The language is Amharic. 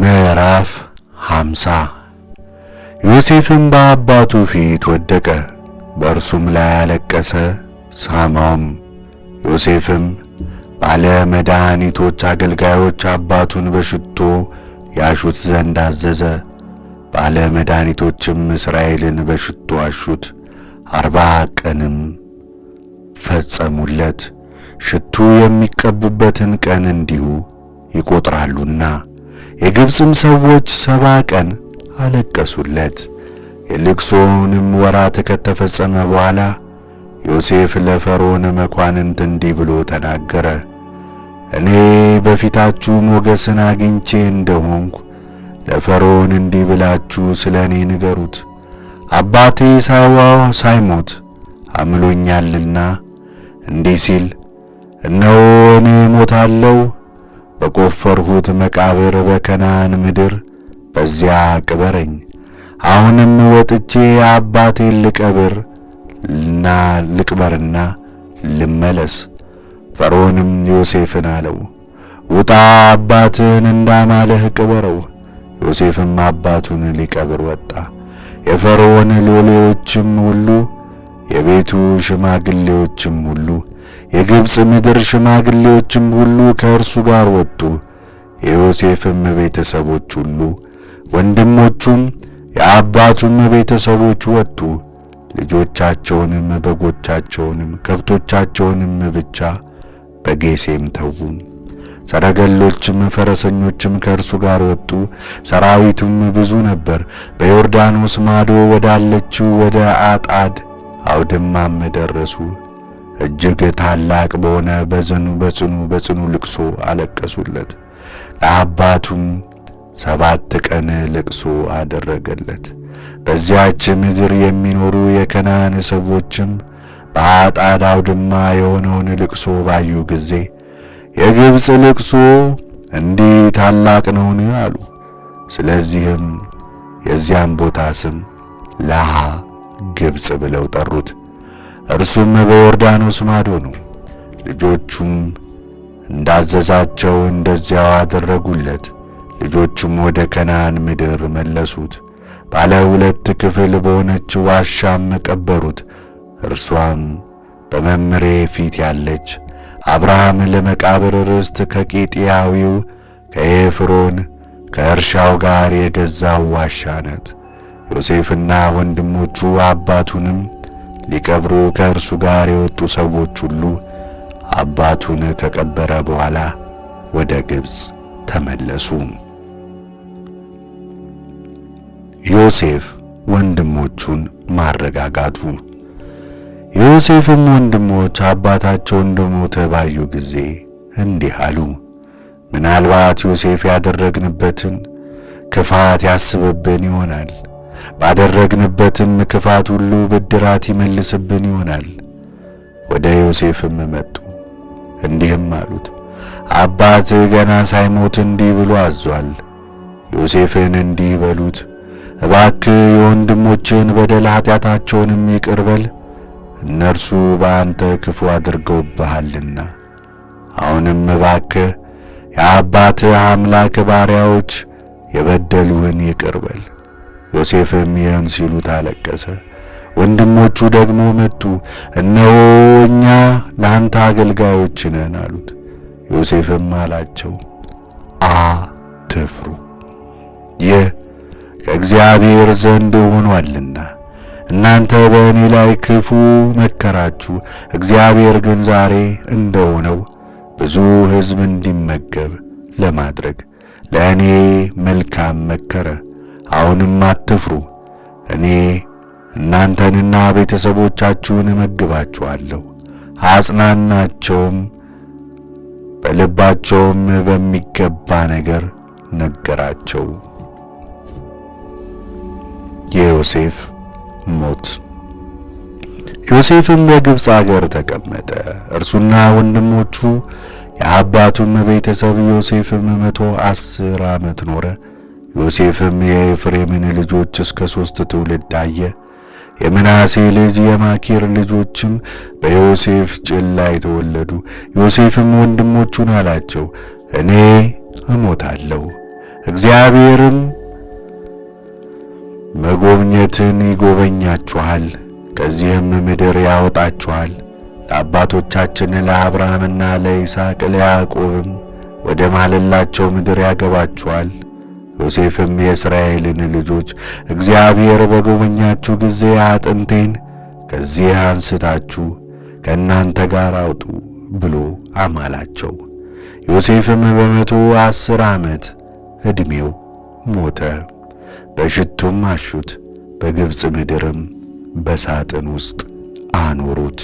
ምዕራፍ ሃምሳ ዮሴፍም በአባቱ ፊት ወደቀ፣ በእርሱም ላይ ያለቀሰ ሳማውም። ዮሴፍም ባለ መድኃኒቶች አገልጋዮች አባቱን በሽቶ ያሹት ዘንድ አዘዘ። ባለ መድኃኒቶችም እስራኤልን በሽቶ አሹት፣ አርባ ቀንም ፈጸሙለት። ሽቱ የሚቀቡበትን ቀን እንዲሁ ይቆጥራሉና የግብፅም ሰዎች ሰባ ቀን አለቀሱለት። የልቅሶውንም ወራት ከተፈጸመ በኋላ ዮሴፍ ለፈርዖን መኳንንት እንዲህ ብሎ ተናገረ። እኔ በፊታችሁ ሞገስን አግኝቼ እንደሆንኩ ለፈርዖን እንዲህ ብላችሁ ስለ እኔ ንገሩት። አባቴ ሳዋ ሳይሞት አምሎኛልና እንዲህ ሲል እነሆ እኔ ሞታለሁ በቆፈርሁት መቃብር በከናን ምድር በዚያ ቅበረኝ። አሁንም ወጥቼ አባቴን ልቀብር ና ልቅበርና ልመለስ። ፈርዖንም ዮሴፍን አለው፣ ውጣ አባትህን እንዳማለህ ቅበረው። ዮሴፍም አባቱን ሊቀብር ወጣ። የፈርዖን ሎሌዎችም ሁሉ የቤቱ ሽማግሌዎችም ሁሉ የግብፅ ምድር ሽማግሌዎችም ሁሉ ከእርሱ ጋር ወጡ። የዮሴፍም ቤተሰቦች ሁሉ ወንድሞቹም የአባቱም ቤተሰቦች ወጡ። ልጆቻቸውንም፣ በጎቻቸውንም፣ ከብቶቻቸውንም ብቻ በጌሴም ተዉ። ሰረገሎችም ፈረሰኞችም ከእርሱ ጋር ወጡ። ሰራዊቱም ብዙ ነበር። በዮርዳኖስ ማዶ ወዳለችው ወደ አጣድ አውድማም ደረሱ። እጅግ ታላቅ በሆነ በዘኑ በጽኑ በጽኑ ልቅሶ አለቀሱለት። ለአባቱም ሰባት ቀን ልቅሶ አደረገለት። በዚያች ምድር የሚኖሩ የከናን ሰዎችም በአጣድ አውድማ የሆነውን ልቅሶ ባዩ ጊዜ የግብፅ ልቅሶ እንዲህ ታላቅ ነውን? አሉ። ስለዚህም የዚያን ቦታ ስም ለሃ ግብፅ ብለው ጠሩት። እርሱም በዮርዳኖስ ማዶ ነው። ልጆቹም እንዳዘዛቸው እንደዚያው አደረጉለት። ልጆቹም ወደ ከነዓን ምድር መለሱት። ባለ ሁለት ክፍል በሆነች ዋሻም ቀበሩት። እርሷም በመምሬ ፊት ያለች አብርሃም ለመቃብር ርስት ከቂጤያዊው ከኤፍሮን ከእርሻው ጋር የገዛው ዋሻ ናት። ዮሴፍና ወንድሞቹ አባቱንም ሊቀብሩ ከእርሱ ጋር የወጡ ሰዎች ሁሉ አባቱን ከቀበረ በኋላ ወደ ግብፅ ተመለሱ። ዮሴፍ ወንድሞቹን ማረጋጋቱ። ዮሴፍም ወንድሞች አባታቸው እንደሞተ ባዩ ጊዜ እንዲህ አሉ፣ ምናልባት ዮሴፍ ያደረግንበትን ክፋት ያስብብን ይሆናል ባደረግንበትም ክፋት ሁሉ ብድራት ይመልስብን ይሆናል። ወደ ዮሴፍም መጡ፣ እንዲህም አሉት፣ አባት ገና ሳይሞት እንዲህ ብሎ አዟል። ዮሴፍን እንዲህ በሉት፣ እባክ የወንድሞችን በደል ኃጢአታቸውንም ይቅር በል፣ እነርሱ በአንተ ክፉ አድርገውብሃልና። አሁንም እባክ የአባትህ አምላክ ባሪያዎች የበደሉህን ይቅር በል። ዮሴፍም ይህን ሲሉ ታለቀሰ። ወንድሞቹ ደግሞ መጡ፣ እነሆ እኛ ለአንተ አገልጋዮች ነን አሉት። ዮሴፍም አላቸው አትፍሩ፣ ይህ ከእግዚአብሔር ዘንድ ሆኗልና እናንተ በእኔ ላይ ክፉ መከራችሁ፣ እግዚአብሔር ግን ዛሬ እንደሆነው ብዙ ሕዝብ እንዲመገብ ለማድረግ ለእኔ መልካም መከረ። አሁንም አትፍሩ፣ እኔ እናንተንና ቤተሰቦቻችሁን እመግባችኋለሁ፣ አጽናናቸውም፣ በልባቸውም በሚገባ ነገር ነገራቸው። የዮሴፍ ሞት። ዮሴፍም በግብፅ አገር ተቀመጠ፣ እርሱና ወንድሞቹ የአባቱም ቤተሰብ። ዮሴፍም መቶ አስር ዓመት ኖረ። ዮሴፍም የኤፍሬምን ልጆች እስከ ሦስት ትውልድ አየ። የምናሴ ልጅ የማኪር ልጆችም በዮሴፍ ጭን ላይ ተወለዱ። ዮሴፍም ወንድሞቹን አላቸው፣ እኔ እሞታለሁ፣ እግዚአብሔርም መጎብኘትን ይጎበኛችኋል፣ ከዚህም ምድር ያወጣችኋል። ለአባቶቻችን ለአብርሃምና ለይስሐቅ ለያዕቆብም ወደ ማለላቸው ምድር ያገባችኋል ዮሴፍም የእስራኤልን ልጆች እግዚአብሔር በጎበኛችሁ ጊዜ አጥንቴን ከዚህ አንስታችሁ ከእናንተ ጋር አውጡ ብሎ አማላቸው። ዮሴፍም በመቶ አስር ዓመት ዕድሜው ሞተ። በሽቱም አሹት፣ በግብፅ ምድርም በሳጥን ውስጥ አኖሩት።